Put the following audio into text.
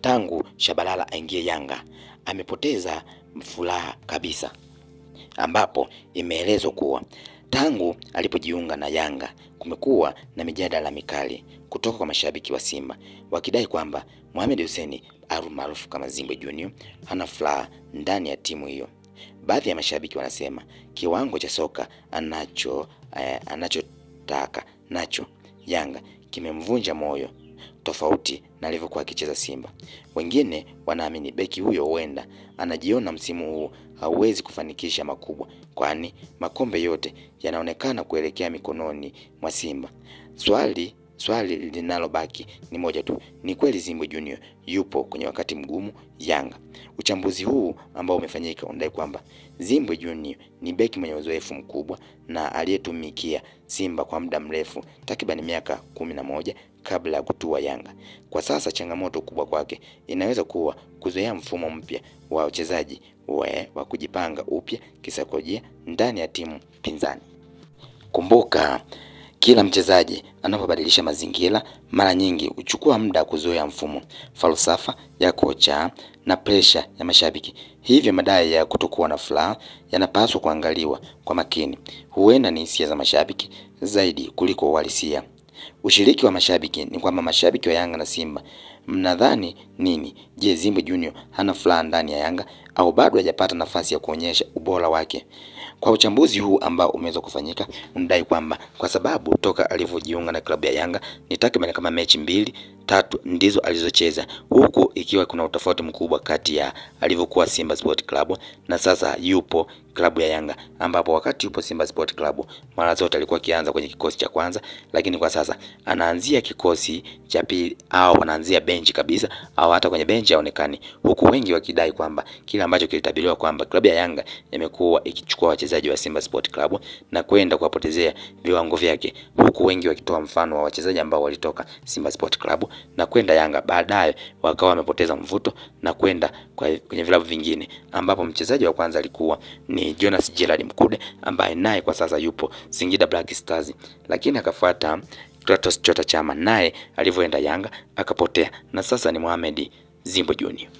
tangu Shabalala aingie Yanga amepoteza furaha kabisa, ambapo imeelezwa kuwa tangu alipojiunga na Yanga kumekuwa na mijadala mikali kutoka kwa mashabiki wa Simba wakidai kwamba Mohamed Hussein almaarufu kama Zimbo Junior hana furaha ndani ya timu hiyo. Baadhi ya mashabiki wanasema kiwango cha soka anacho eh, anachotaka nacho Yanga kimemvunja moyo tofauti na alivyokuwa akicheza Simba. Wengine wanaamini beki huyo huenda anajiona msimu huu hauwezi kufanikisha makubwa, kwani makombe yote yanaonekana kuelekea mikononi mwa Simba. Swali Swali linalobaki ni moja tu, ni kweli Zimbwe Junior yupo kwenye wakati mgumu Yanga? Uchambuzi huu ambao umefanyika unadai kwamba Zimbwe Junior ni beki mwenye uzoefu mkubwa na aliyetumikia Simba kwa muda mrefu, takriban miaka kumi na moja kabla ya kutua Yanga. Kwa sasa changamoto kubwa kwake inaweza kuwa kuzoea mfumo mpya wa wachezaji wa kujipanga upya kisaikolojia ndani ya timu pinzani. Kumbuka kila mchezaji anapobadilisha mazingira, mara nyingi huchukua muda kuzoea mfumo, falsafa ya kocha na presha ya mashabiki. Hivyo madai ya kutokuwa na furaha yanapaswa kuangaliwa kwa makini. Huenda ni hisia za mashabiki zaidi kuliko uhalisia. Ushiriki wa mashabiki ni kwamba mashabiki wa Yanga na Simba, mnadhani nini? Je, Zimbo Junior hana furaha ndani ya Yanga au bado hajapata nafasi ya kuonyesha ubora wake? Kwa uchambuzi huu ambao umeweza kufanyika, unadai kwamba kwa sababu toka alivyojiunga na klabu ya Yanga ni takriban kama mechi mbili tatu ndizo alizocheza, huku ikiwa kuna utofauti mkubwa kati ya alivyokuwa Simba Sport Club na sasa yupo klabu ya Yanga, ambapo wakati yupo Simba Sport Club mara zote alikuwa akianza kwenye kikosi cha kwanza, lakini kwa sasa anaanzia kikosi cha pili au anaanzia benchi kabisa, au hata kwenye benchi haonekani, huku wengi wakidai kwamba kile ambacho kilitabiriwa kwamba klabu ya Yanga imekuwa ikichukua wachezaji wa Simba Sport Club na kwenda kuwapotezea viwango vyake, huku wengi wakitoa mfano wa wachezaji ambao walitoka Simba Sport Club na kwenda Yanga, baadaye wakawa wamepoteza mvuto na kwenda kwenye vilabu vingine, ambapo mchezaji wa kwanza alikuwa ni Jonas Gerald Mkude ambaye naye kwa sasa yupo Singida Black Stars, lakini akafuata Kratos Chota Chama naye alivyoenda Yanga akapotea, na sasa ni Mohamed Zimbo Junior.